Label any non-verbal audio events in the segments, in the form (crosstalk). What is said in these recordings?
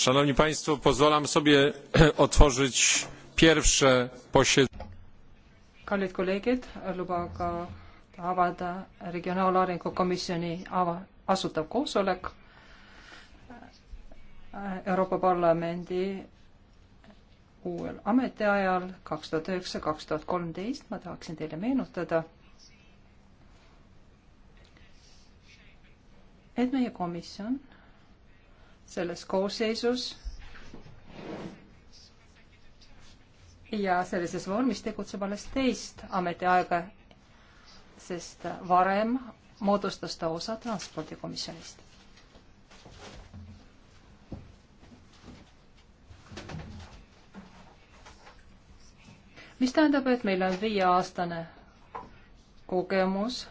Szanowni Państwo, pozwalam sobie (clears throat) otworzyć pierwsze posiedzenie. Kallid kolleegid, lubaga avada Regionaalarengu Komisjoni ava, asutav koosolek Euroopa Parlamendi uuel ametiajal 2009-2013. Ma tahaksin teile meenutada, et meie komisjon selles koosseisus ja sellises vormis tegutseb alles teist ametiaega, sest varem moodustas ta osa transpordikomisjonist. mis tähendab, et meil on viieaastane kogemus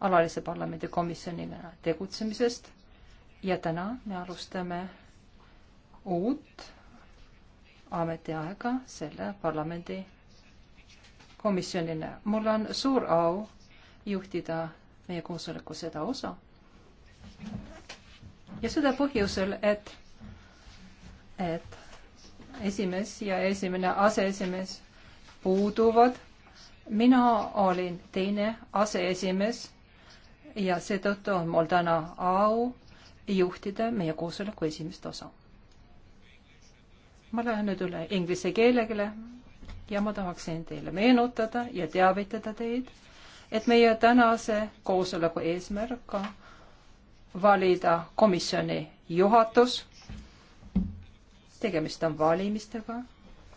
alalise parlamendikomisjonina tegutsemisest ja täna me alustame uut ametiaega selle parlamendi komisjonina. mul on suur au juhtida meie koosoleku seda osa. ja seda põhjusel, et, et esimees ja esimene aseesimees puuduvad. mina olin teine aseesimees ja seetõttu on mul täna au juhtida meie koosoleku esimest osa. ma lähen nüüd üle inglise keelele ja ma tahaksin teile meenutada ja teavitada teid, et meie tänase koosoleku eesmärk on valida komisjoni juhatus. tegemist on valimistega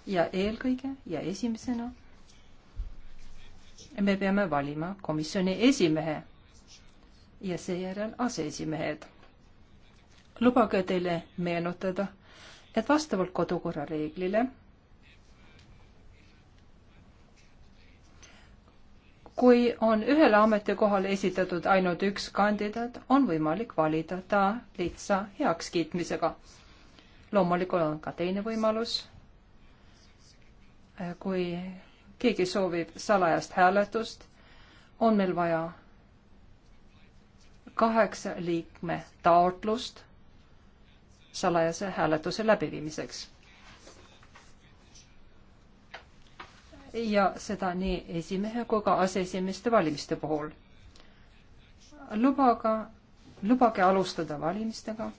ja eelkõige ja esimesena me peame valima komisjoni esimehe ja seejärel aseesimehed lubage teile meenutada, et vastavalt kodukorra reeglile kui on ühele ametikohale esitatud ainult üks kandidaat, on võimalik valida ta lihtsa heakskiitmisega. loomulikult on ka teine võimalus. kui keegi soovib salajast hääletust, on meil vaja kaheksa liikme taotlust salajase hääletuse läbiviimiseks. ja seda nii esimehe kui ka aseesimeeste valimiste puhul. lubaga, lubage alustada valimistega.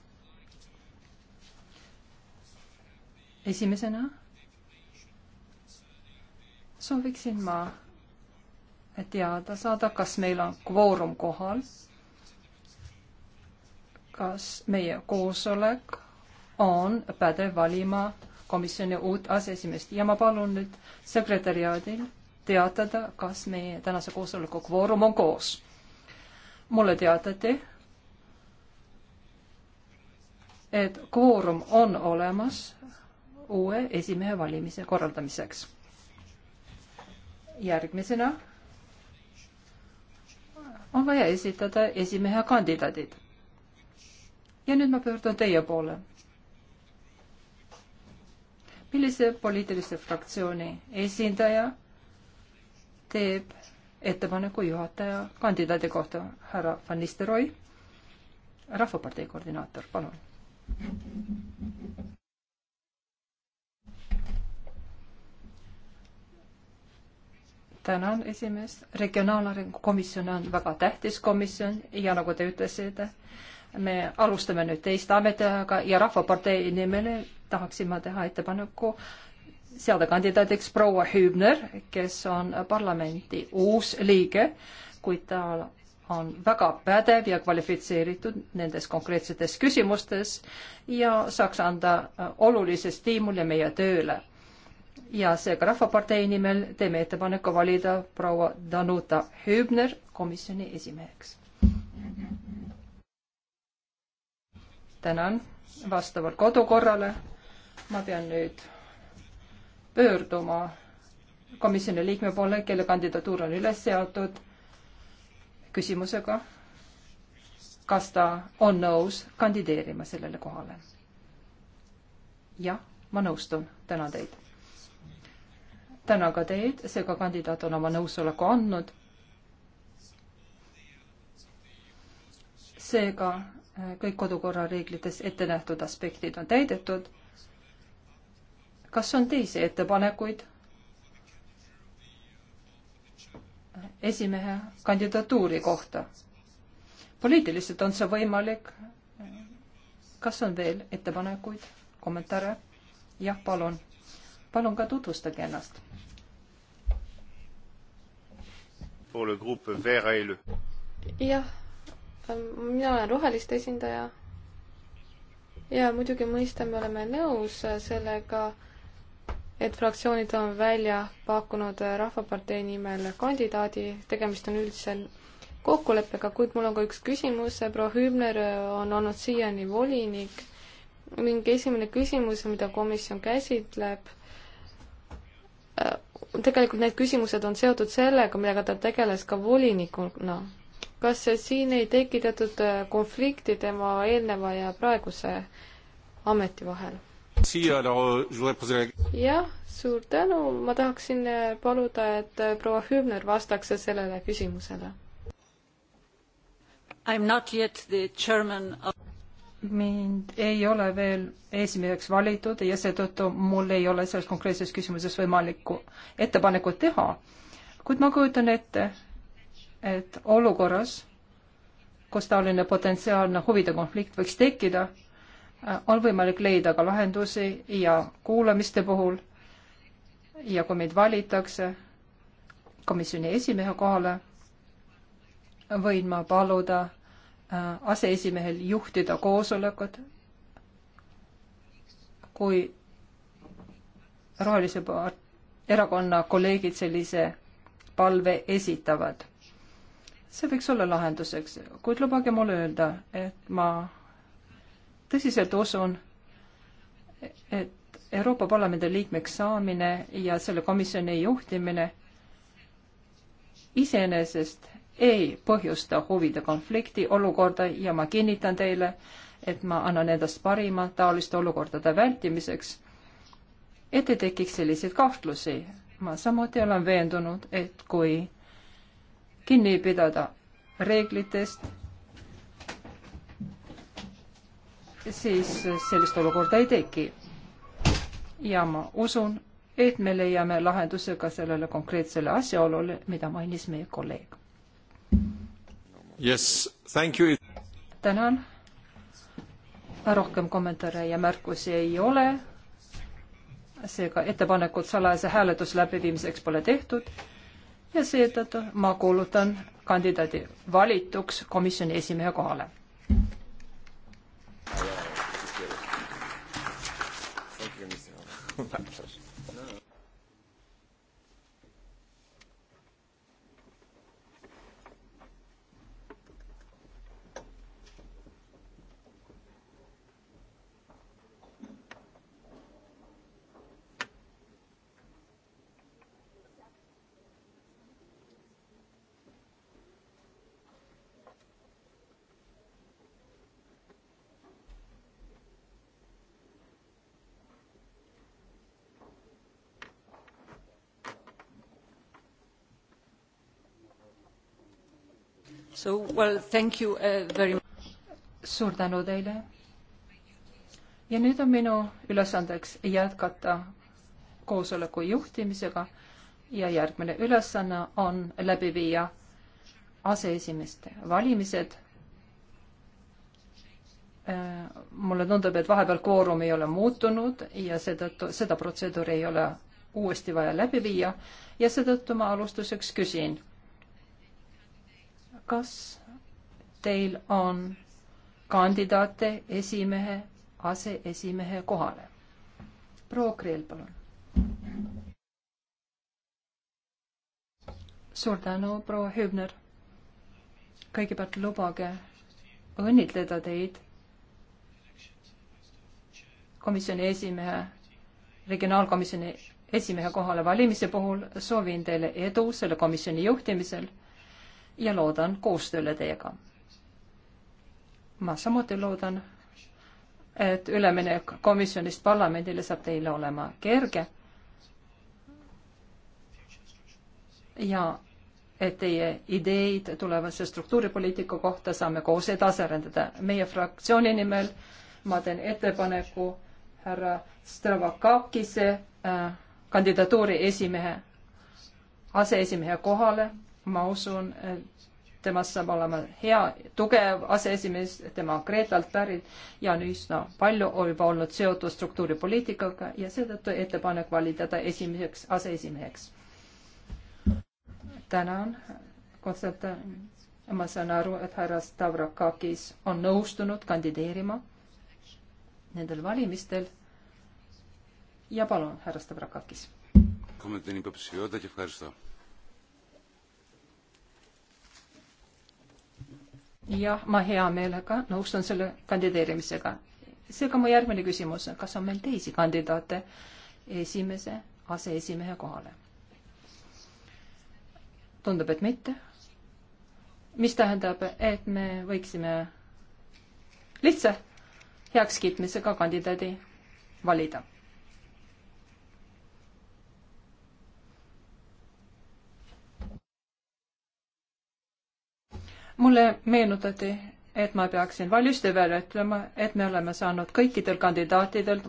esimesena sooviksin ma teada saada, kas meil on kvoorum kohal kas meie koosolek on pädev valima komisjoni uut aseesimeest ja ma palun nüüd sekretäriaadil teatada, kas meie tänase koosoleku kvoorum on koos. mulle teatati, et kvoorum on olemas uue esimehe valimise korraldamiseks. järgmisena on vaja esitada esimehe kandidaadid ja nüüd ma pöördun teie poole. millise poliitilise fraktsiooni esindaja teeb ettepaneku juhataja kandidaadi kohta, härra Van Nistelrooy, Rahvapartei koordinaator, palun. tänan esimees, regionaalarengu komisjon on väga tähtis komisjon ja nagu te ütlesite, me alustame nüüd teist ametiaega ja Rahvapartei nimel tahaksin ma teha ettepaneku seada kandidaadiks proua Hübner, kes on parlamendi uus liige, kuid ta on väga pädev ja kvalifitseeritud nendes konkreetsetes küsimustes ja saaks anda olulise stiimuli meie tööle. ja seega Rahvapartei nimel teeme ettepaneku valida proua Danuta Hübner komisjoni esimeheks tänan. vastavalt kodukorrale ma pean nüüd pöörduma komisjoni liikme poole, kelle kandidatuur on üles seatud küsimusega, kas ta on nõus kandideerima sellele kohale. jah, ma nõustun, tänan teid. tänan ka teid, seega kandidaat on oma nõusoleku andnud. seega kõik kodukorra reeglites ette nähtud aspektid on täidetud. kas on teisi ettepanekuid esimehe kandidatuuri kohta? poliitiliselt on see võimalik. kas on veel ettepanekuid, kommentaare? jah, palun. palun ka tutvustage ennast. jah mina olen roheliste esindaja. ja muidugi mõista, me oleme nõus sellega, et fraktsioonid on välja pakkunud Rahvapartei nimel kandidaadi, tegemist on üldse kokkuleppega, kuid mul on ka üks küsimus, proua Hübner on olnud siiani volinik ning esimene küsimus, mida komisjon käsitleb, äh, tegelikult need küsimused on seotud sellega, millega ta tegeles ka volinikuna no kas siin ei tekitatud äh, konflikti tema eelneva ja praeguse ameti vahel? jah, suur tänu, ma tahaksin äh, paluda, et äh, proua Hübner vastaks sellele küsimusele. Of... mind ei ole veel esimeseks valitud ja seetõttu mul ei ole selles konkreetses küsimuses võimalikku ettepanekut teha. kuid ma kujutan ette, et olukorras, kus taoline potentsiaalne huvide konflikt võiks tekkida, äh, on võimalik leida ka lahendusi ja kuulamiste puhul ja kui meid valitakse komisjoni esimehe kohale, võin ma paluda äh, aseesimehel juhtida koosolekut, kui rohelise erakonna kolleegid sellise palve esitavad see võiks olla lahenduseks, kuid lubage mul öelda, et ma tõsiselt usun, et Euroopa Parlamendi liikmeks saamine ja selle komisjoni juhtimine iseenesest ei põhjusta huvide konflikti olukorda ja ma kinnitan teile, et ma annan endast parima taoliste olukordade vältimiseks, et ei tekiks selliseid kahtlusi. ma samuti olen veendunud, et kui kinni pidada reeglitest, siis sellist olukorda ei teki. ja ma usun, et me leiame lahenduse ka sellele konkreetsele asjaolule, mida mainis meie kolleeg. Yes, thank you. tänan. rohkem kommentaare ja märkusi ei ole. seega ettepanekut salajase hääletuse läbiviimiseks pole tehtud ja seetõttu ma kuulutan kandidaadi valituks komisjoni esimehe kohale. So, well, thank you uh, very much. suur tänu teile. ja nüüd on minu ülesandeks jätkata koosoleku juhtimisega ja järgmine ülesanne on läbi viia aseesimeeste valimised. Äh, mulle tundub, et vahepeal kvoorum ei ole muutunud ja seetõttu seda protseduuri ei ole uuesti vaja läbi viia ja seetõttu ma alustuseks küsin kas teil on kandidaate esimehe, aseesimehe kohale? proua Kreel, palun. suur tänu, proua Hübner. kõigepealt lubage õnnitleda teid komisjoni esimehe, regionaalkomisjoni esimehe kohale valimise puhul soovin teile edu selle komisjoni juhtimisel ja loodan koostööle teiega. ma samuti loodan, et üleminek komisjonist parlamendile saab teile olema kerge ja et teie ideid tulevase struktuuripoliitika kohta saame koos edasi arendada. meie fraktsiooni nimel ma teen ettepaneku härra Stravakakise äh, kandidatuuri esimehe, aseesimehe kohale ma usun, et temast saab olema hea, tugev aseesimees, tema on Kreetalt pärit ja on üsna palju juba olnud seotud struktuuripoliitikaga ja seetõttu ettepanek valida ta esimeseks aseesimeheks. tänan, Konstantin. ma saan aru, et härra Stavrakakis on nõustunud kandideerima nendel valimistel. ja palun, härra Stavrakakis. kommenteerin, peab siia öelda, et aitäh. jah, ma hea meelega nõustun selle kandideerimisega. seega mu järgmine küsimus, kas on meil teisi kandidaate esimese aseesimehe kohale? tundub, et mitte. mis tähendab, et me võiksime lihtsa heakskiitmisega kandidaadi valida mulle meenutati, et ma peaksin valjusti välja ütlema, et me oleme saanud kõikidel kandidaatidelt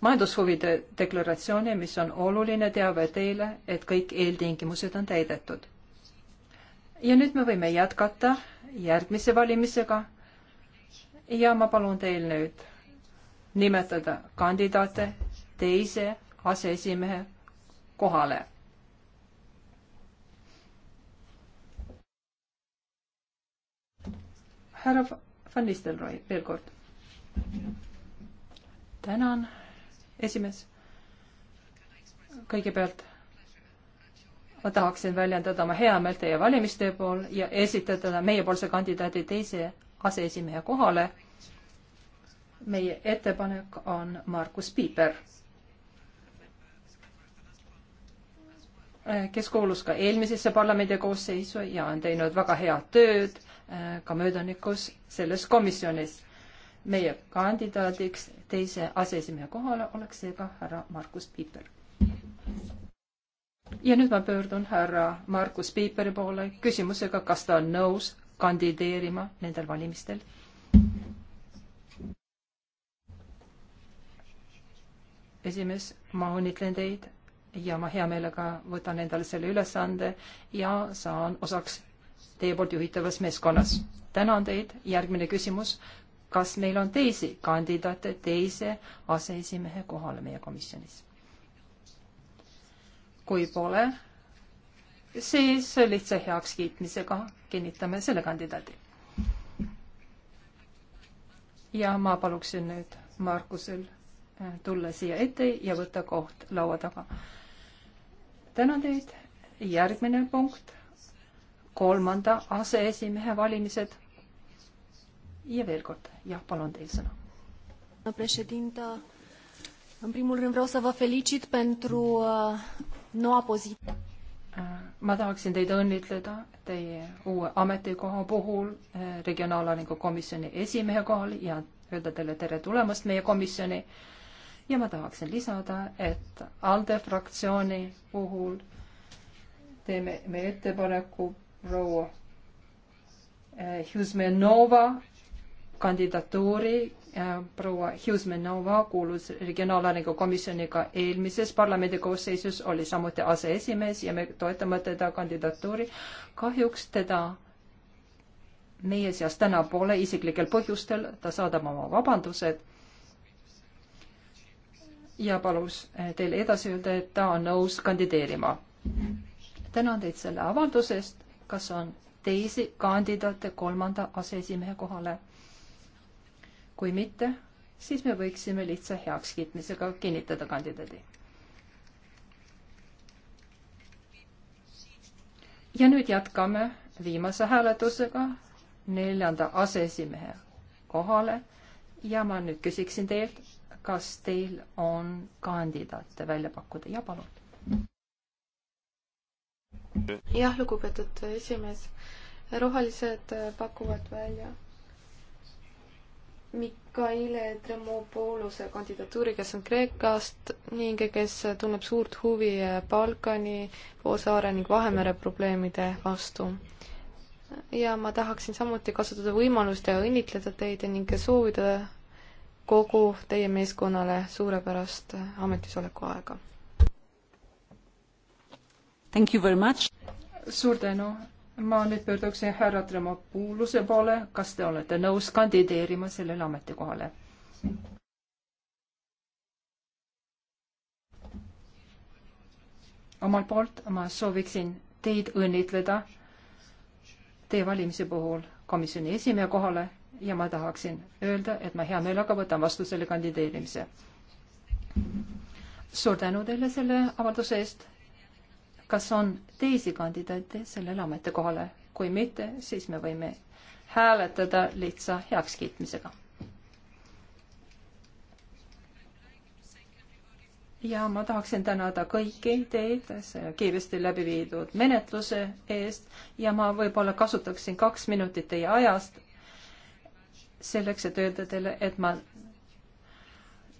majandushuvide deklaratsiooni, mis on oluline teave teile, et kõik eeltingimused on täidetud. ja nüüd me võime jätkata järgmise valimisega. ja ma palun teil nüüd nimetada kandidaate teise aseesimehe kohale härra Van Nistelrooy veel kord. tänan, esimees. kõigepealt ma tahaksin väljendada oma heameelt teie valimiste pool ja esitada meiepoolse kandidaadi teise aseesimehe kohale. meie ettepanek on Markus Piiper, kes kuulus ka eelmisesse parlamendi koosseisu ja on teinud väga head tööd Äh, ka möödanikus selles komisjonis. meie kandidaadiks teise aseesimehe kohale oleks seega härra Markus Piiper. ja nüüd ma pöördun härra Markus Piiperi poole küsimusega, kas ta on nõus kandideerima nendel valimistel. esimees, ma õnnitlen teid ja ma hea meelega võtan endale selle ülesande ja saan osaks teie poolt juhitavas meeskonnas. tänan teid, järgmine küsimus. kas meil on teisi kandidaate teise aseesimehe kohale meie komisjonis? kui pole, siis lihtsa heakskiitmisega kinnitame selle kandidaadi. ja ma paluksin nüüd Markusel äh, tulla siia ette ja võtta koht laua taga. tänan teid. järgmine punkt kolmanda aseesimehe valimised. ja veel kord, jah, palun teil sõna. În primul rând vreau să vă felicit pentru uh, noua poziție. Uh, ma tahaksin teid õnnitleda teie uue ametikoha puhul eh, regionaalarengu komisjoni esimehe kohal ja öelda teile tere tulemast meie komisjoni. Ja ma tahaksin lisada, et ALDE fraktsiooni puhul teeme me ettepaneku proua eh, Hjusmenova kandidatuuri. Eh, proua Hjusmenova kuulus Regionaalarengu Komisjoniga eelmises parlamendikoosseisus, oli samuti aseesimees ja me toetame teda kandidatuuri. kahjuks teda meie seas täna pole isiklikel põhjustel, ta saadab oma vabandused ja palus eh, teile edasi öelda, et ta on nõus kandideerima. tänan teid selle avalduse eest kas on teisi kandidaate kolmanda aseesimehe kohale. kui mitte, siis me võiksime lihtsa heakskiitmisega kinnitada kandidaadi. ja nüüd jätkame viimase hääletusega neljanda aseesimehe kohale ja ma nüüd küsiksin teilt, kas teil on kandidaate välja pakkuda ja palun jah, lugupeetud esimees, rohelised äh, pakuvad välja Mikaile Tremopoulose kandidatuuri, kes on Kreekast ning kes tunneb suurt huvi äh, Balkani, Poolsaare ning Vahemere probleemide vastu. ja ma tahaksin samuti kasutada võimalust ja õnnitleda teid ning soovida kogu teie meeskonnale suurepärast äh, ametisoleku aega suur tänu. ma nüüd pöörduksin härra Tremopuuluse poole. kas te olete nõus kandideerima sellele ametikohale? omalt poolt ma sooviksin teid õnnitleda teie valimise puhul komisjoni esimehe kohale ja ma tahaksin öelda, et ma hea meelega võtan vastu selle kandideerimise. suur tänu teile selle avalduse eest kas on teisi kandidaate sellele ametikohale? kui mitte, siis me võime hääletada lihtsa heakskiitmisega. ja ma tahaksin tänada kõiki teid selle kiiresti läbi viidud menetluse eest ja ma võib-olla kasutaksin kaks minutit teie ajast selleks, et öelda teile, et ma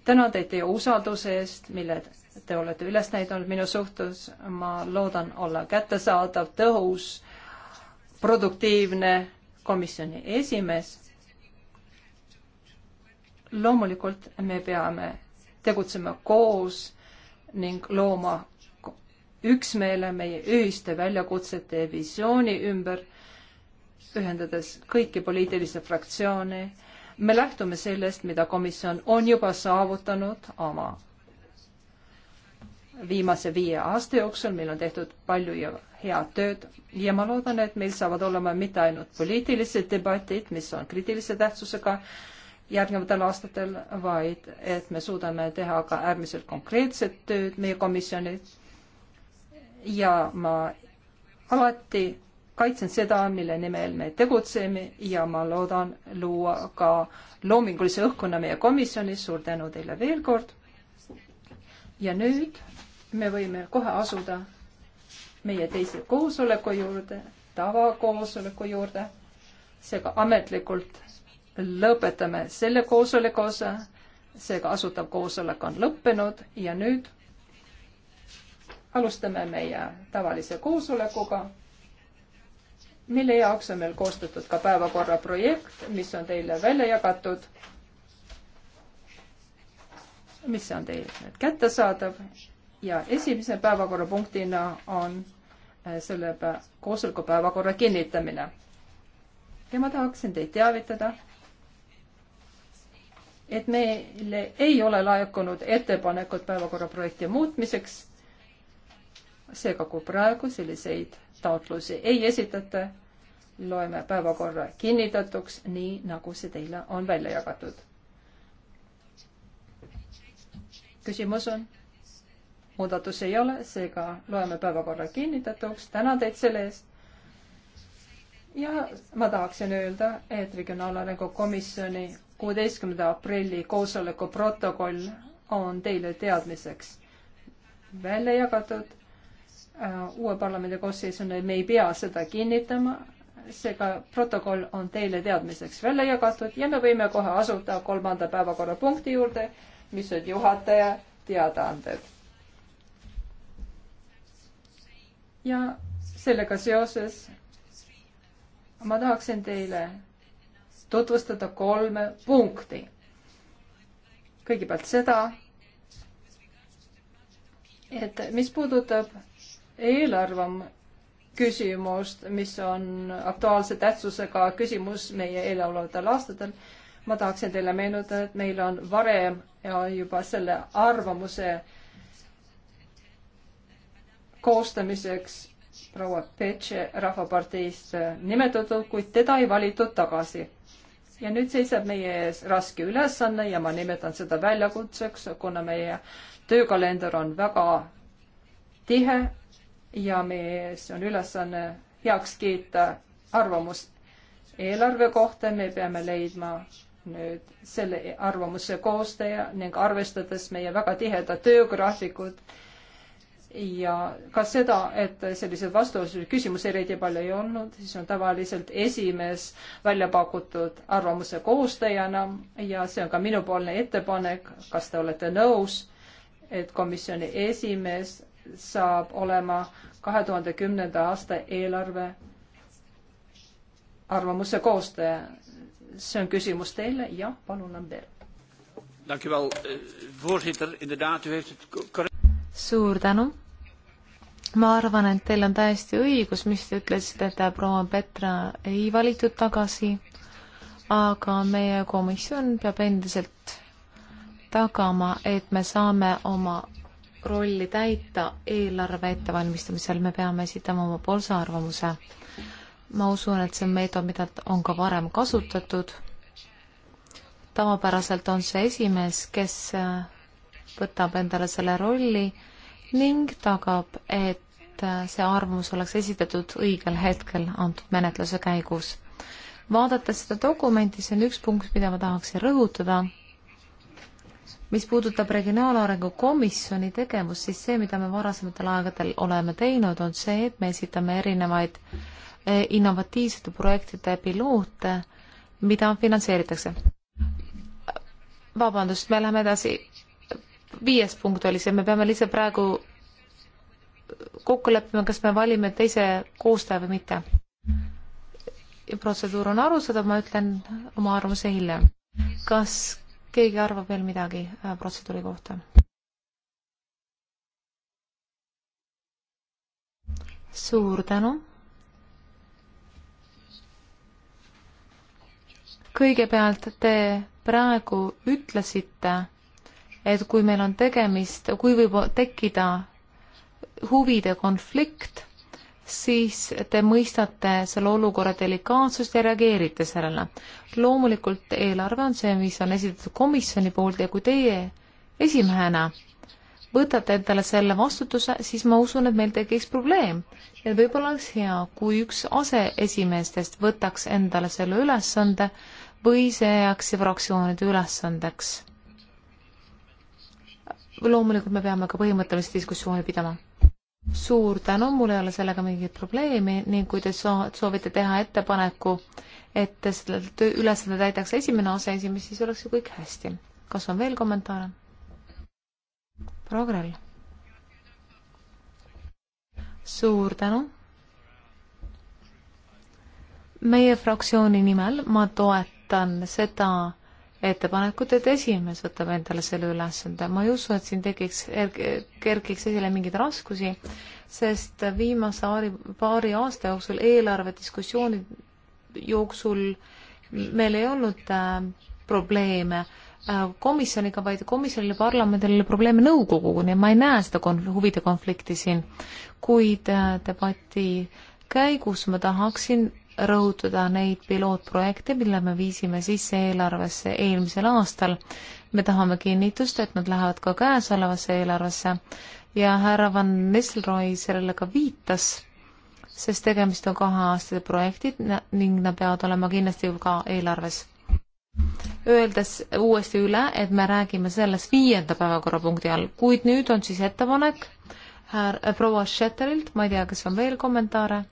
tänan teid teie usalduse eest, mille te olete üles näidanud minu suhtes. ma loodan olla kättesaadav, tõhus, produktiivne komisjoni esimees. loomulikult me peame tegutsema koos ning looma üksmeele meie ühiste väljakutsete ja visiooni ümber, ühendades kõiki poliitilisi fraktsioone me lähtume sellest, mida komisjon on juba saavutanud oma viimase viie aasta jooksul, meil on tehtud palju ja head tööd ja ma loodan, et meil saavad olema mitte ainult poliitilised debatid, mis on kriitilise tähtsusega järgnevatel aastatel, vaid et me suudame teha ka äärmiselt konkreetset tööd meie komisjonis. ja ma alati kaitsen seda, mille nimel me tegutseme ja ma loodan luua ka loomingulise õhkkonna meie komisjonis. suur tänu teile veel kord. ja nüüd me võime kohe asuda meie teise koosoleku juurde, tavakoosoleku juurde. seega ametlikult lõpetame selle koosoleku osa. seega asutav koosolek on lõppenud ja nüüd alustame meie tavalise koosolekuga mille jaoks on meil koostatud ka päevakorra projekt, mis on teile välja jagatud, mis on teile nüüd kättesaadav ja esimese päevakorrapunktina on äh, selle pä koosoleku päevakorra kinnitamine. ja ma tahaksin teid teavitada, et meile ei ole laekunud ettepanekut päevakorra projekti muutmiseks seega, kui praegu selliseid taotlusi ei esitata, loeme päevakorra kinnitatuks, nii nagu see teile on välja jagatud. küsimus on? muudatusi ei ole, seega loeme päevakorra kinnitatuks. tänan teid selle eest. ja ma tahaksin öelda, et Regionaalarengu Komisjoni kuueteistkümnenda aprilli koosoleku protokoll on teile teadmiseks välja jagatud Äh, uue parlamendi koosseisuna ja me ei pea seda kinnitama. seega protokoll on teile teadmiseks välja jagatud ja me võime kohe asuda kolmanda päevakorrapunkti juurde, mis on juhataja teadaanded. ja sellega seoses ma tahaksin teile tutvustada kolme punkti. kõigepealt seda, et mis puudutab eelarvam küsimust, mis on aktuaalse tähtsusega küsimus meie eelolevatel aastatel, ma tahaksin teile meenutada, et meil on varem juba selle arvamuse koostamiseks proua Petše Rahvaparteist nimetatud, kuid teda ei valitud tagasi. ja nüüd seisab meie ees raske ülesanne ja ma nimetan seda väljakutseks, kuna meie töökalender on väga tihe ja meie ees on ülesanne heaks kiita arvamus eelarve kohta, me peame leidma nüüd selle arvamuse koostaja ning arvestades meie väga tiheda töögraafikut ja ka seda, et selliseid vastuolusid küsimusi eriti palju ei olnud, siis on tavaliselt esimees välja pakutud arvamuse koostajana ja see on ka minupoolne ettepanek, kas te olete nõus, et komisjoni esimees saab olema kahe tuhande kümnenda aasta eelarve arvamuse koostaja. see on küsimus teile, jah, palun, Lambert. Eh, suur tänu ma arvan, et teil on täiesti õigus, mis te ütlesite, et proua Petra ei valitud tagasi, aga meie komisjon peab endiselt tagama, et me saame oma rolli täita eelarve ettevalmistamisel, me peame esitama omapoolse arvamuse. ma usun, et see on meetod, mida on ka varem kasutatud. tavapäraselt on see esimees, kes võtab endale selle rolli ning tagab, et see arvamus oleks esitatud õigel hetkel antud menetluse käigus. vaadates seda dokumenti, see on üks punkt, mida ma tahaksin rõhutada mis puudutab Regionaalarengu Komisjoni tegevust, siis see, mida me varasematel aegadel oleme teinud, on see, et me esitame erinevaid eh, innovatiivsete projektide piloote, mida finantseeritakse. vabandust, me läheme edasi. viies punkt oli see, me peame lihtsalt praegu kokku leppima, kas me valime teise koostaja või mitte. protseduur on arusaadav, ma ütlen oma arvamuse hiljem. kas keegi arvab veel midagi äh, protseduuri kohta? suur tänu. kõigepealt te praegu ütlesite, et kui meil on tegemist, kui võib tekkida huvide konflikt siis te mõistate selle olukorra delikaatsust ja reageerite sellele. loomulikult eelarve on see, mis on esitatud komisjoni poolt ja kui teie esimehena võtate endale selle vastutuse, siis ma usun, et meil tekiks probleem. ja võib-olla oleks hea, kui üks aseesimeestest võtaks endale selle ülesande või see jääks fraktsioonide ülesandeks. loomulikult me peame ka põhimõttelist diskussiooni pidama suur tänu, mul ei ole sellega mingit probleemi ning kui te soovite teha ettepaneku, et selle ülesande täidaks esimene aseesimees, siis oleks ju kõik hästi. kas on veel kommentaare? proua Krell. suur tänu. meie fraktsiooni nimel ma toetan seda, ettepanekut, et esimees võtab endale selle ülesande. ma ei usu, et siin tekiks, er-, kerkiks esile mingeid raskusi, sest viimase aari, paari aasta jooksul eelarvediskussiooni jooksul meil ei olnud äh, probleeme äh, komisjoniga, vaid komisjonil ja parlamendil oli probleeme nõukoguga, nii et ma ei näe seda konf-, huvide konflikti siin. kuid äh, debati käigus ma tahaksin rõhutada neid pilootprojekte, mille me viisime sisse eelarvesse eelmisel aastal. me tahame kinnitust, et nad lähevad ka käesolevasse eelarvesse ja härra Van Nistelrooy sellele ka viitas, sest tegemist on kaheaastased projektid ning nad peavad olema kindlasti ju ka eelarves öeldes uuesti üle, et me räägime sellest viienda päevakorrapunkti all, kuid nüüd on siis ettepanek härra proua Schäterilt, ma ei tea, kas on veel kommentaare?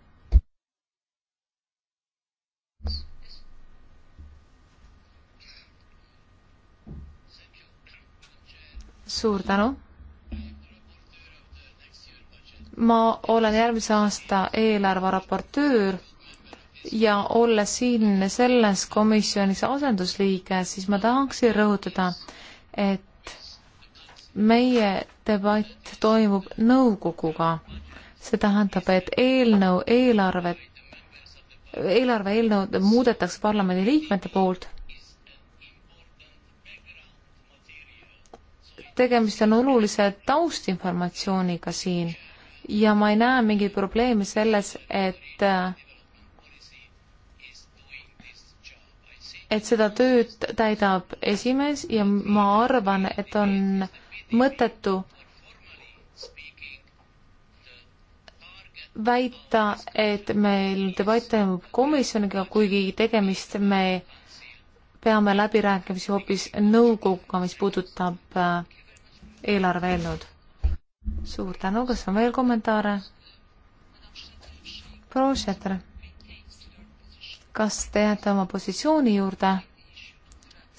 suur tänu. ma olen järgmise aasta eelarve raportöör ja olles siin selles komisjonis asendusliige, siis ma tahaksin rõhutada, et meie debatt toimub nõukoguga. see tähendab, et eelnõu eelarvet, eelarve eelnõud muudetakse parlamendi liikmete poolt tegemist on olulise taustinformatsiooniga siin ja ma ei näe mingit probleemi selles, et et seda tööd täidab esimees ja ma arvan, et on mõttetu väita, et meil debatt toimub komisjoniga, kuigi tegemist me peame läbirääkimisi hoopis nõukoguga, mis puudutab äh, eelarve eelnõud. suur tänu, kas on veel kommentaare? proua Šeter, kas te jääte oma positsiooni juurde?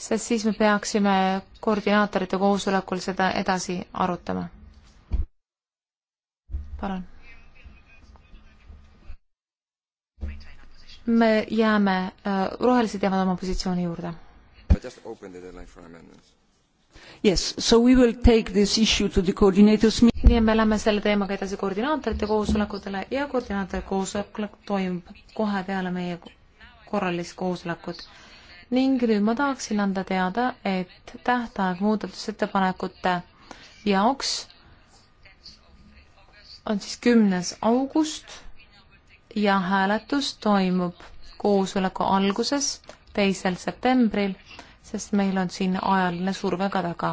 sest siis me peaksime koordinaatorite koosolekul seda edasi arutama. palun. me jääme, äh, rohelised jäävad oma positsiooni juurde. I just opened the deadline for amendments. Yes, so we will take this issue to the coordinators meeting. nii et me läheme selle teemaga edasi koordinaatorite koosolekutele ja koordinaatorite koosolek toimub kohe peale meie korralist koosolekut. ning nüüd ma tahaksin anda teada, et tähtaeg muudatusettepanekute jaoks on siis kümnes august ja hääletus toimub koosoleku alguses, teisel septembril sest meil on siin ajaline surve ka taga.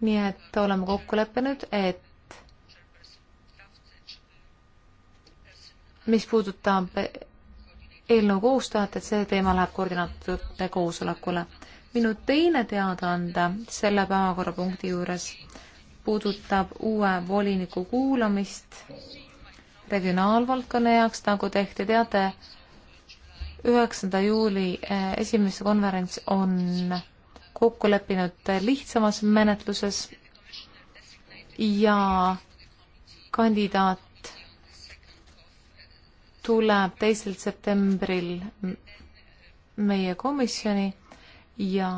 nii et oleme kokku leppinud, et mis puudutab eelnõu koostajat, et see teema läheb koordinaatorite koosolekule. minu teine teadaande selle päevakorrapunkti juures puudutab uue voliniku kuulamist regionaalvaldkonna jaoks, nagu te ehk teate, üheksanda juuli eh, esimese konverents on kokku leppinud lihtsamas menetluses ja kandidaat tuleb teisel septembril meie komisjoni ja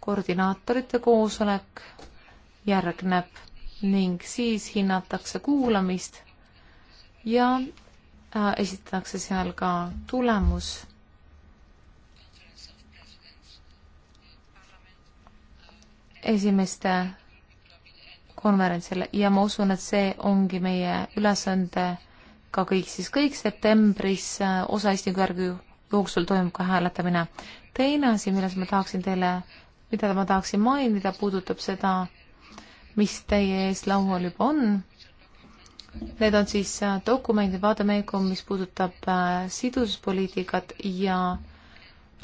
koordinaatorite koosolek järgneb ning siis hinnatakse kuulamist ja Äh, esitatakse seal ka tulemus esimeste konverentsile ja ma usun, et see ongi meie ülesande ka kõik siis kõik septembris äh, osa istungjärgu jooksul toimub ka hääletamine. teine asi, milles ma tahaksin teile, mida ma tahaksin mainida, puudutab seda, mis teie ees laual juba on Need on siis äh, dokumendid, vaademehekond, mis puudutab äh, sidususpoliitikat ja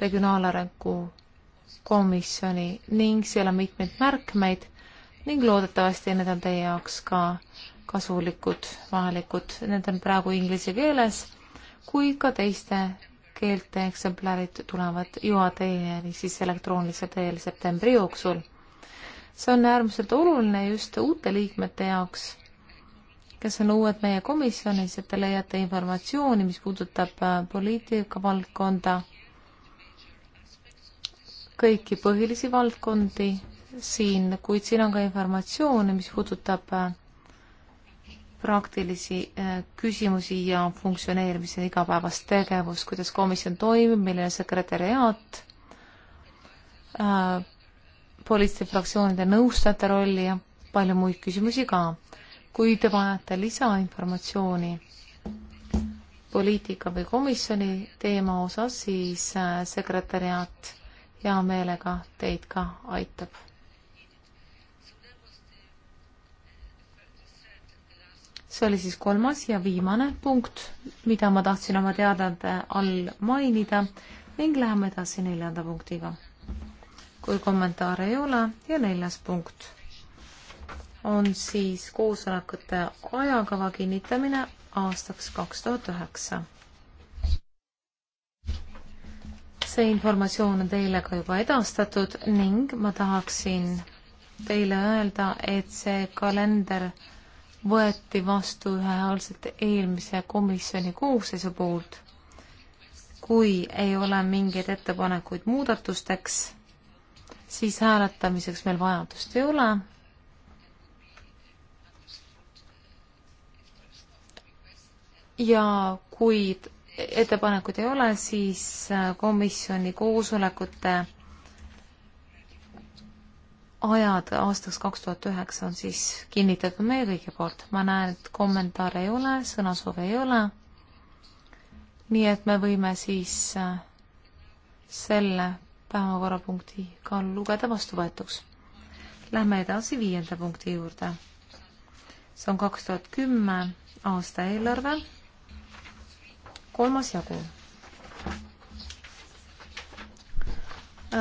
regionaalarengu komisjoni ning seal on mitmeid märkmeid ning loodetavasti need on teie jaoks ka kasulikud, vajalikud. Need on praegu inglise keeles kui ka teiste keelte eksemplarid tulevad juba teieni siis elektroonilisel teel septembri jooksul. see on äärmiselt oluline just uute liikmete jaoks kes on uued meie komisjonis, et te leiate informatsiooni, mis puudutab äh, poliitikavaldkonda, kõiki põhilisi valdkondi siin, kuid siin on ka informatsiooni, mis puudutab äh, praktilisi äh, küsimusi ja funktsioneerimise igapäevast tegevust, kuidas komisjon toimib, milline sekretäriaat, poliitiliste fraktsioonide nõustajate rolli ja palju muid küsimusi ka kui te vajate lisainformatsiooni poliitika või komisjoni teema osas, siis äh, sekretäriaat hea meelega teid ka aitab. see oli siis kolmas ja viimane punkt, mida ma tahtsin oma teadade all mainida ning läheme edasi neljanda punktiga. kui kommentaare ei ole ja neljas punkt on siis koosolekute ajakava kinnitamine aastaks kaks tuhat üheksa. see informatsioon on teile ka juba edastatud ning ma tahaksin teile öelda, et see kalender võeti vastu ühehäälselt eelmise komisjoni koosseisu poolt. kui ei ole mingeid ettepanekuid muudatusteks, siis hääletamiseks meil vajadust ei ole ja kui ettepanekuid ei ole, siis äh, komisjoni koosolekute ajad aastaks kaks tuhat üheksa on siis kinnitatud meie kõigi poolt. ma näen, et kommentaare ei ole, sõnasoove ei ole. nii et me võime siis äh, selle päevakorrapunkti ka lugeda vastuvõetuks. Lähme edasi viienda punkti juurde. see on kaks tuhat kümme aasta eelarve kolmas jagu.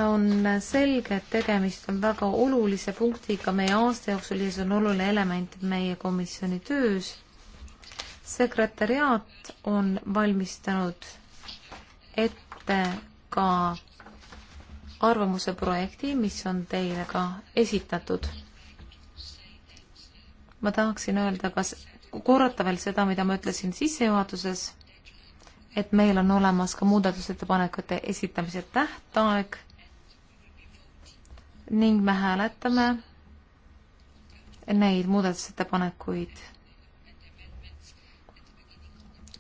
on selge, et tegemist on väga olulise punktiga meie aasta jooksul ja see on oluline element meie komisjoni töös. sekretäriaat on valmistanud ette ka arvamuse projekti, mis on teile ka esitatud. ma tahaksin öelda, kas korrata veel seda, mida ma ütlesin sissejuhatuses et meil on olemas ka muudatusettepanekute esitamise tähtaeg ning me hääletame neid muudatusettepanekuid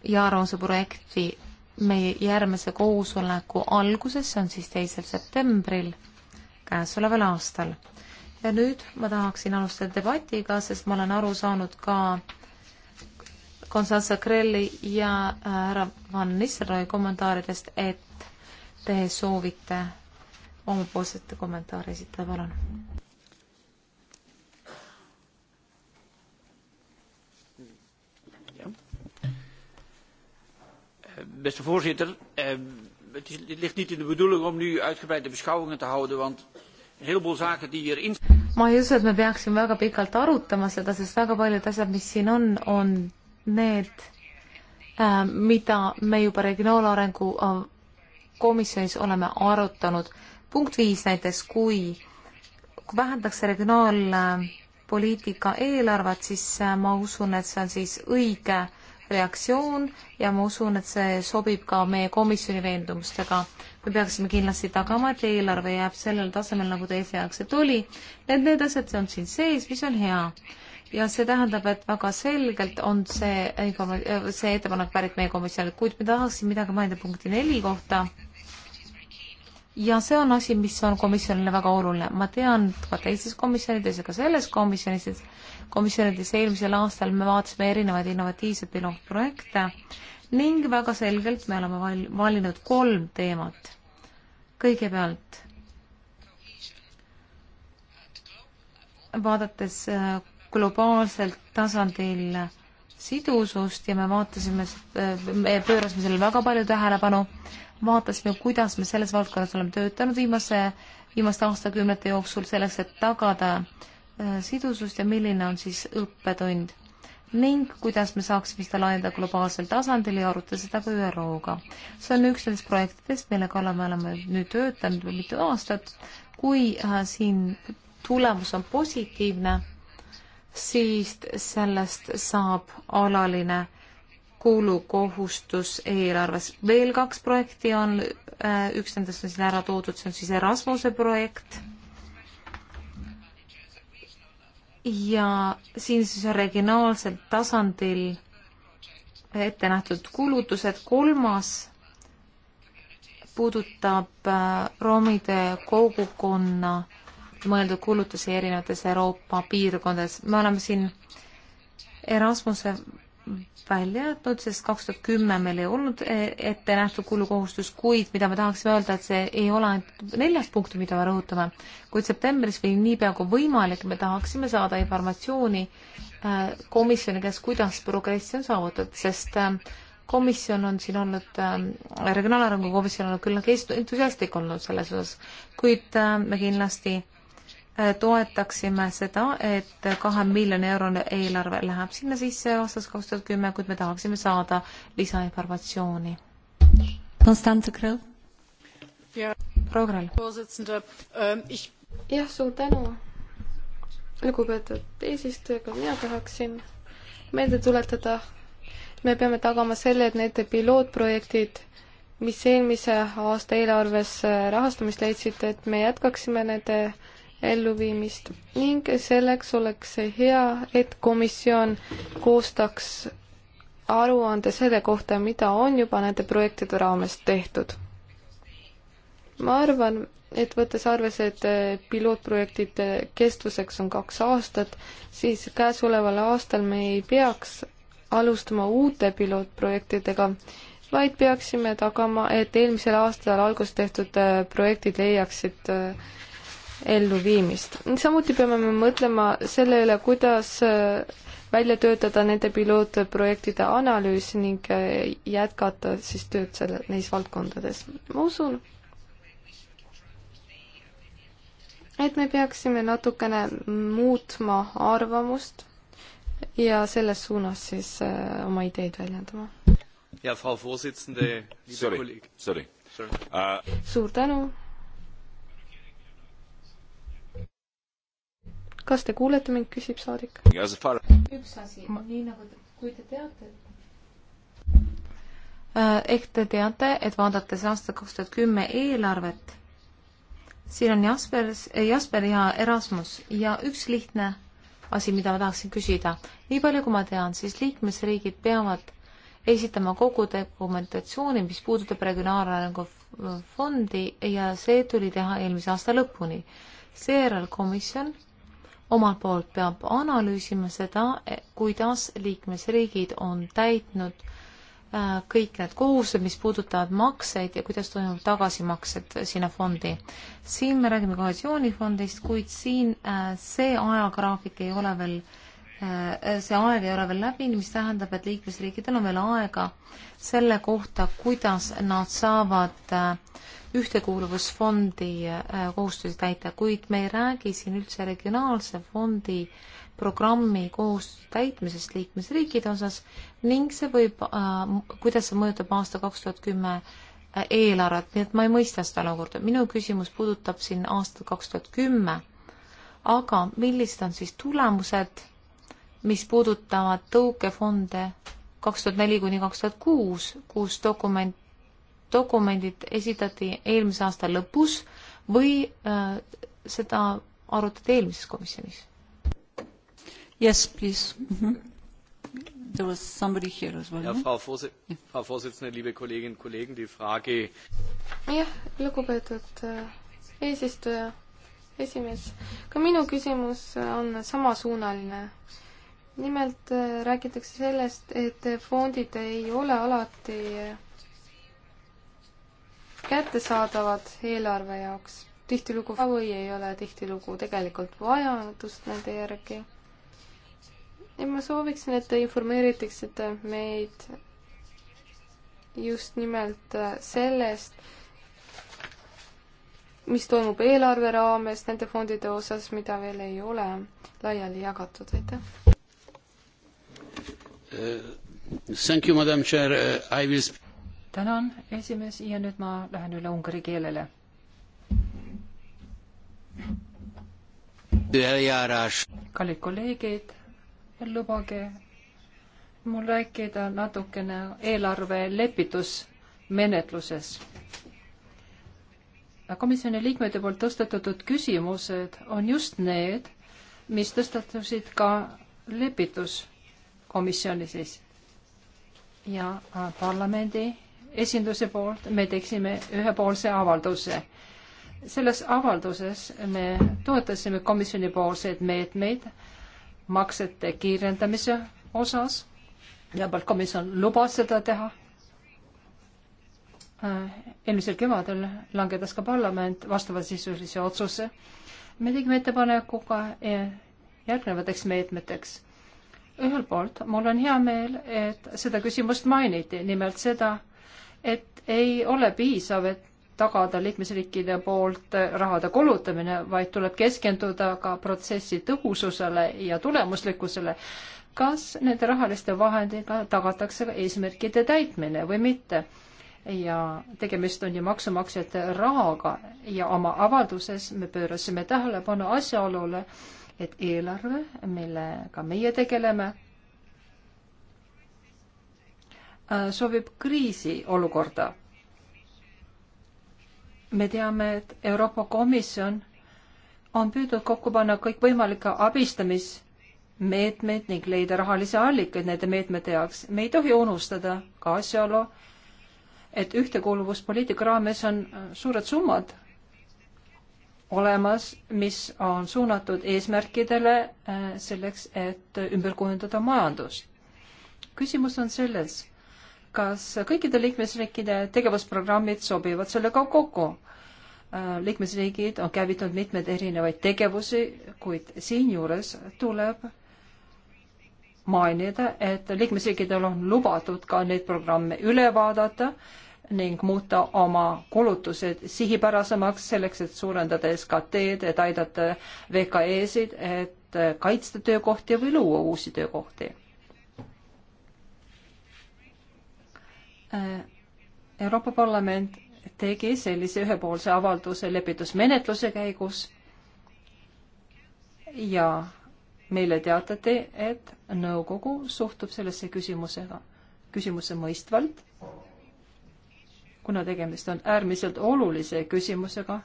ja arvamuse projekti meie järgmise koosoleku alguses, see on siis teisel septembril käesoleval aastal. ja nüüd ma tahaksin alustada debatiga, sest ma olen aru saanud ka Konstantin Krelli ja äh, härra Van Nistelrooy kommentaaridest, et te soovite omapoolsete kommentaare esitada, palun. Beste voorzitter, eh, het, is, het ligt niet in de bedoeling om nu uitgebreide beschouwingen te houden, want een heleboel zaken die hierin... ma ei usu, et me peaksime väga pikalt arutama seda, sest väga paljud asjad, mis siin on, on need, äh, mida me juba regionaalarengu äh, komisjonis oleme arutanud. punkt viis näiteks, kui, kui vähendatakse regionaalpoliitika eelarvet, siis äh, ma usun, et see on siis õige reaktsioon ja ma usun, et see sobib ka meie komisjoni veendumustega. me peaksime kindlasti tagama, et eelarve jääb sellel tasemel, nagu ta esialgselt oli. Need, need asjad on siin sees, mis on hea ja see tähendab, et väga selgelt on see, see ettepanek pärit meie komisjonilt, kuid ma tahaksin midagi mainida punkti neli kohta. ja see on asi, mis on komisjonile väga oluline. ma tean ka teistes komisjonides ja ka selles komisjonis, et komisjonides eelmisel aastal me vaatasime erinevaid innovatiivseid pilootprojekte ning väga selgelt me oleme val-, valinud kolm teemat. kõigepealt vaadates äh, globaalselt tasandil sidusust ja me vaatasime, äh, me pöörasime sellele väga palju tähelepanu, vaatasime, kuidas me selles valdkonnas oleme töötanud viimase, viimaste aastakümnete jooksul selleks, et tagada äh, sidusust ja milline on siis õppetund ning kuidas me saaksime seda laiendada globaalsel tasandil ja arutada seda ka ÜRO-ga. see on üks nendest projektidest, mille kallal me oleme nüüd töötanud mitu aastat. kui äh, siin tulemus on positiivne siis sellest saab alaline kulukohustus eelarves. veel kaks projekti on, äh, üks nendest on siin ära toodud, see on siis Erasmuse projekt. ja siin siis on regionaalsel tasandil ette nähtud kulutused, kolmas puudutab äh, romide kogukonna äh, mõeldud kulutusi erinevates Euroopa piirkondades. me oleme siin Erasmuse välja jätnud, sest kaks tuhat kümme meil ei olnud e-, ette nähtud kulukohustus, kuid mida ma tahaksime öelda, et see ei ole ainult neljas punkt, mida me rõhutame, kuid septembris või niipea kui võimalik, me tahaksime saada informatsiooni äh, komisjoni käest, kuidas progressi on saavutatud, sest äh, komisjon on siin olnud äh,, regionaalarengu komisjon on olnud küllaltki entusiastlik olnud selles osas, kuid äh, me kindlasti Äh, toetaksime seda, et kahe miljoni eurone eelarve läheb sinna sisse aastast kaks tuhat kümme, kuid me tahaksime saada lisainformatsiooni. Konstantin Krõll. proua Krõll. Ähm, jah, suur tänu, lugupeetud eesistuja, ka mina tahaksin meelde tuletada, me peame tagama selle, et need pilootprojektid mis eelmise aasta eelarves rahastamist leidsid, et me jätkaksime nende elluviimist ning selleks oleks hea, et komisjon koostaks aruande selle kohta, mida on juba nende projektide raames tehtud. ma arvan, et võttes arvesse, et eh, pilootprojektide kestvuseks on kaks aastat, siis käesoleval aastal me ei peaks alustama uute pilootprojektidega, vaid peaksime tagama, et eelmisel aastal alguses tehtud eh, projektid leiaksid äh, elluviimist. samuti peame me mõtlema selle üle, kuidas äh, välja töötada nende pilootprojektide analüüs ning äh, jätkata siis tööd selle, neis valdkondades. ma usun, et me peaksime natukene muutma arvamust ja selles suunas siis äh, oma ideid väljendama. ja, Frau Vorsitzende, liebe kolleeg. suur tänu kas te kuulete mind, küsib saadik. üks asi, nii nagu, kui te teate. Äh, ehk te teate, et vaadates aasta kaks tuhat kümme eelarvet, siin on Jasper, Jasper ja Erasmus ja üks lihtne asi, mida ma tahaksin küsida. nii palju, kui ma tean, siis liikmesriigid peavad esitama kogu dokumentatsiooni, mis puudutab regionaalarengu fondi ja see tuli teha eelmise aasta lõpuni. seejärel komisjon omalt poolt peab analüüsima seda, e, kuidas liikmesriigid on täitnud äh, kõik need kohustused, mis puudutavad makseid ja kuidas toimub tagasimaksed sinna fondi. siin me räägime kohesioonifondist, kuid siin äh, see ajagraafik ei ole veel, äh, see aeg ei ole veel läbi, mis tähendab, et liikmesriikidel on veel aega selle kohta, kuidas nad saavad äh, ühtekuuluvusfondi äh, kohustusi täita, kuid me ei räägi siin üldse regionaalse fondi programmi kohustuse täitmisest liikmesriikide osas ning see võib, äh, kuidas see mõjutab aasta kaks tuhat kümme äh, eelarvet, nii et ma ei mõista seda olukorda. minu küsimus puudutab siin aastat kaks tuhat kümme, aga millised on siis tulemused, mis puudutavad tõukefonde kaks tuhat neli kuni kaks tuhat kuus, kus dokument dokumendid esitati eelmise aasta lõpus või äh, seda arutati eelmises komisjonis? Yes, please mm. -hmm. There was somebody here as well. Ja, Frau, Vorsi ja. Frau Vorsitzende, liebe Kolleginnen und Kollegen, die Frage... Jah, lugupeetud äh, eesistuja, esimees. Ka minu küsimus on samasuunaline. Nimelt äh, räägitakse sellest, et fondid ei ole alati äh, kättesaadavad eelarve jaoks. tihtilugu või ei ole tihtilugu tegelikult vajadust nende järgi. ja ma sooviksin, et te informeeritaksite meid just nimelt äh, sellest, mis toimub eelarve raames nende fondide osas, mida veel ei ole laiali jagatud, aitäh. Thank you, madam chair, uh, I will tänan, esimees, ja nüüd ma lähen üle ungari keelele. kallid kolleegid, lubage mul rääkida natukene eelarve lepitusmenetluses. komisjoni liikmete poolt tõstatatud küsimused on just need, mis tõstatusid ka lepituskomisjoni siis ja äh, parlamendi esinduse poolt me teeksime ühepoolse avalduse. selles avalduses me toetasime komisjoni poolseid meetmeid maksete kiirendamise osas. vähemalt komisjon lubas seda teha. Äh, eelmisel kevadel langetas ka parlament vastavasisulise otsuse. me tegime ettepaneku ka äh, järgnevateks meetmeteks ühelt poolt mul on hea meel, et seda küsimust mainiti, nimelt seda, et ei ole piisav, et tagada liikmesriikide poolt rahade kulutamine, vaid tuleb keskenduda ka protsessi tõhususele ja tulemuslikkusele. kas nende rahaliste vahendiga tagatakse ka eesmärkide täitmine või mitte? ja tegemist on ju maksumaksjate rahaga ja oma avalduses me pöörasime tähelepanu asjaolule, et eelarve, millega meie tegeleme, Äh, soovib kriisiolukorda. me teame, et Euroopa Komisjon on püüdnud kokku panna kõikvõimalikke abistamismeetmeid ning leida rahalisi allikaid nende meetmete jaoks. me ei tohi unustada ka asjaolu, et ühtekuuluvuspoliitika raames on äh, suured summad olemas, mis on suunatud eesmärkidele äh, selleks, et ümber kujundada majandust. küsimus on selles, kas kõikide liikmesriikide tegevusprogrammid sobivad sellega kokku? Äh, liikmesriigid on käivitanud mitmeid erinevaid tegevusi, kuid siinjuures tuleb mainida, et liikmesriikidel on lubatud ka neid programme üle vaadata ning muuta oma kulutused sihipärasemaks selleks, et suurendada SKT-d, et aidata VKE-sid, et kaitsta töökohti või luua uusi töökohti. Äh, Euroopa Parlament tegi sellise ühepoolse avalduse lepitusmenetluse käigus ja meile teatati, et nõukogu suhtub sellesse küsimusega, küsimuse mõistvalt, kuna tegemist on äärmiselt olulise küsimusega.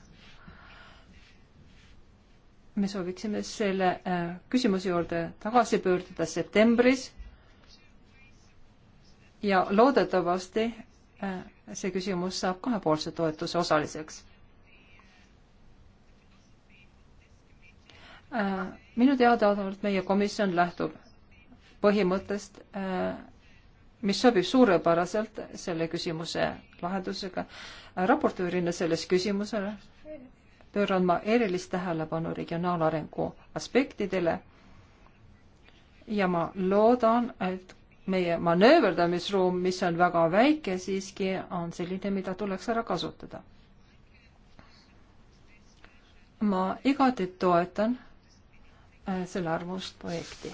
me sooviksime selle äh, küsimuse juurde tagasi pöörduda septembris ja loodetavasti äh, see küsimus saab kahepoolse toetuse osaliseks. Äh, minu teadaolevalt meie komisjon lähtub põhimõttest, äh, mis sobib suurepäraselt selle küsimuse lahendusega. raportöörina selles küsimusele pööran ma erilist tähelepanu regionaalarengu aspektidele ja ma loodan, et meie manööverdamisruum, mis on väga väike siiski, on selline, mida tuleks ära kasutada. ma igati toetan äh, selle arvamusprojekti.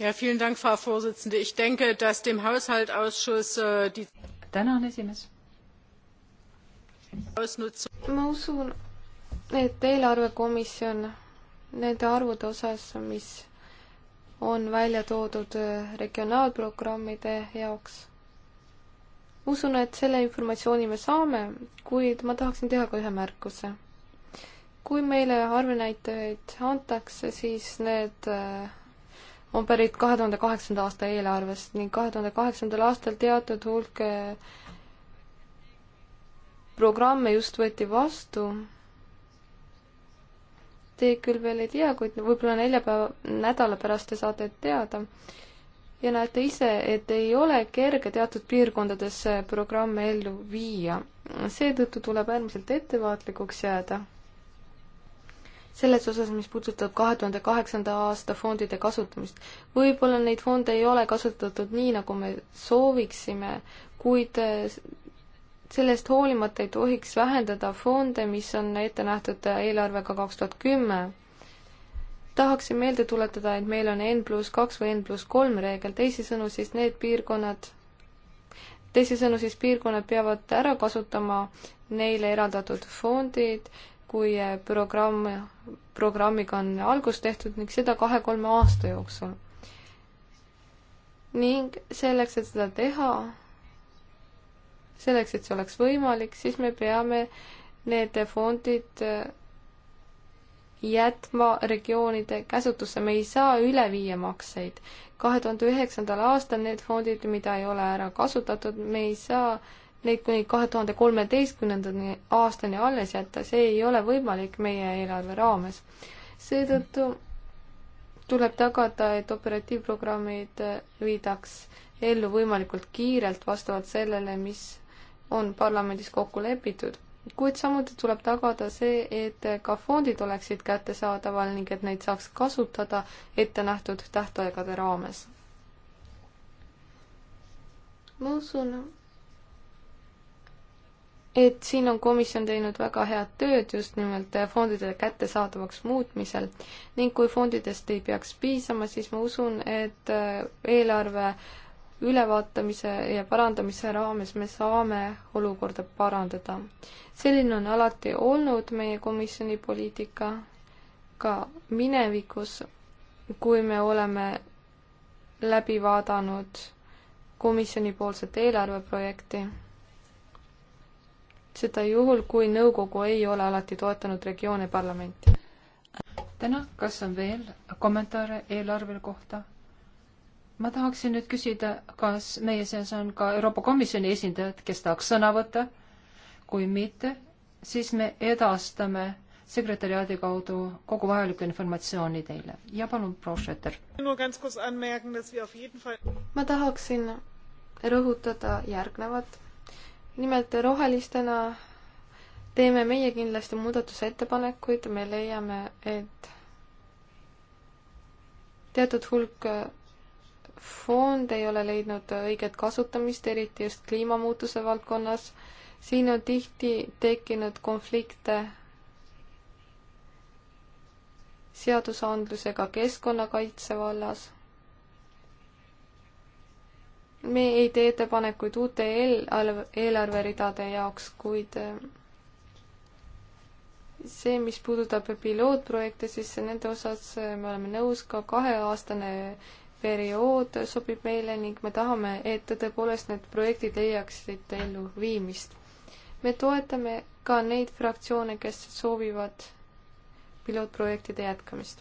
Ja, vielen Dank, Frau Vorsitzende. Ich denke, dass dem Haushaltsausschuss äh, die Tänan esimees. ma usun, et eelarvekomisjon nende arvude osas, mis on välja toodud äh, regionaalprogrammide jaoks. usun, et selle informatsiooni me saame, kuid ma tahaksin teha ka ühe märkuse. kui meile arvenäitajaid antakse, siis need äh, on pärit kahe tuhande kaheksanda aasta eelarvest ning kahe tuhande kaheksandal aastal teatud hulk äh, programme just võeti vastu te küll veel ei tea, kuid võib-olla neljapäeva, nädala pärast te saate teada. ja näete ise, et ei ole kerge teatud piirkondades programme ellu viia. seetõttu tuleb äärmiselt ettevaatlikuks jääda. selles osas, mis puudutab kahe tuhande kaheksanda aasta fondide kasutamist. võib-olla neid fonde ei ole kasutatud nii, nagu me sooviksime, kuid sellest hoolimata ei tohiks vähendada fonde, mis on ette nähtud eelarvega kaks tuhat kümme. tahaksin meelde tuletada, et meil on N pluss kaks või N pluss kolm reegel, teisisõnu siis need piirkonnad, teisisõnu siis piirkonnad peavad ära kasutama neile eraldatud fondid, kui programm, programmiga on algus tehtud ning seda kahe-kolme aasta jooksul. ning selleks, et seda teha, selleks, et see oleks võimalik, siis me peame need fondid äh, jätma regioonide käsutusse, me ei saa üle viia makseid. kahe tuhande üheksandal aastal need fondid, mida ei ole ära kasutatud, me ei saa neid kuni kahe tuhande kolmeteistkümnendani aastani alles jätta, see ei ole võimalik meie eelarve raames. seetõttu tuleb tagada, et operatiivprogrammid äh, viidaks ellu võimalikult kiirelt vastavalt sellele, mis on parlamendis kokku lepitud. kuid samuti tuleb tagada see, et ka fondid oleksid kättesaadaval ning et neid saaks kasutada ettenähtud tähtaegade raames. ma usun, et siin on komisjon teinud väga head tööd just nimelt fondidele kättesaadavaks muutmisel ning kui fondidest ei peaks piisama, siis ma usun, et äh, eelarve ülevaatamise ja parandamise raames me saame olukorda parandada. selline on alati olnud meie komisjoni poliitika ka minevikus, kui me oleme läbi vaadanud komisjonipoolset eelarveprojekti. seda juhul, kui nõukogu ei ole alati toetanud regioone parlamenti. täna, kas on veel kommentaare eelarve kohta? ma tahaksin nüüd küsida, kas meie seas on ka Euroopa Komisjoni esindajad, kes tahaks sõna võtta? kui mitte, siis me edastame sekretäriaadi kaudu kogu vajaliku informatsiooni teile ja palun, proua Schröter. ma tahaksin rõhutada järgnevat. nimelt rohelistena teeme meie kindlasti muudatusettepanekuid, me leiame, et teatud hulk fond ei ole leidnud õiget kasutamist, eriti just kliimamuutuse valdkonnas. siin on tihti tekkinud konflikte seadusandlusega keskkonnakaitse vallas. me ei tee ettepanekuid uute eelarveridade jaoks, kuid eh, see, mis puudutab pilootprojekte, siis nende osas eh, me oleme nõus ka kaheaastane periood sobib meile ning me tahame, et tõepoolest need projektid leiaksid elluviimist. me toetame ka neid fraktsioone, kes soovivad pilootprojektide jätkamist.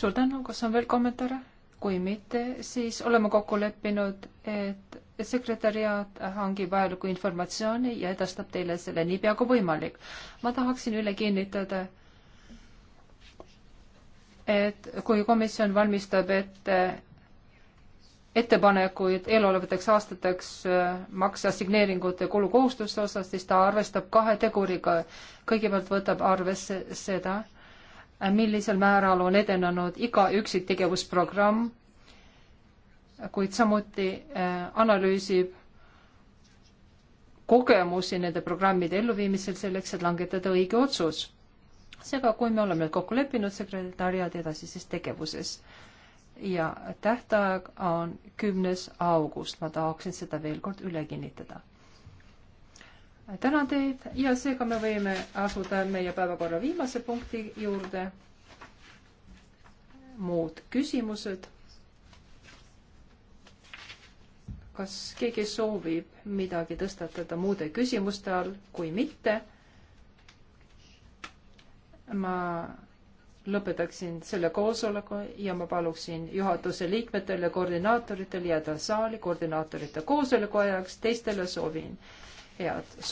suur tänu, kas on veel kommentaare? kui mitte, siis oleme kokku leppinud, et sekretäriaat hangib vajalikku informatsiooni ja edastab teile selle niipea kui võimalik. ma tahaksin üle kinnitada, et kui komisjon valmistab ette ettepanekuid eelolevateks aastateks äh, makseassigneeringute kulukohustuste osas, siis ta arvestab kahe teguriga. kõigepealt võtab arvesse seda, äh, millisel määral on edenenud iga üksik tegevusprogramm, kuid samuti äh, analüüsib kogemusi nende programmide elluviimisel selleks, et langetada õige otsus seega, kui me oleme kokku leppinud sekretäriaadi edasises tegevuses ja tähtaeg on kümnes august, ma tahaksin seda veel kord üle kinnitada. tänan teid ja seega me võime asuda meie päevakorra viimase punkti juurde. muud küsimused? kas keegi soovib midagi tõstatada muude küsimuste all, kui mitte ma lõpetaksin selle koosoleku ja ma paluksin juhatuse liikmetel ja koordinaatoritel jääda saali koordinaatorite koosoleku ajaks, teistele soovin head suve.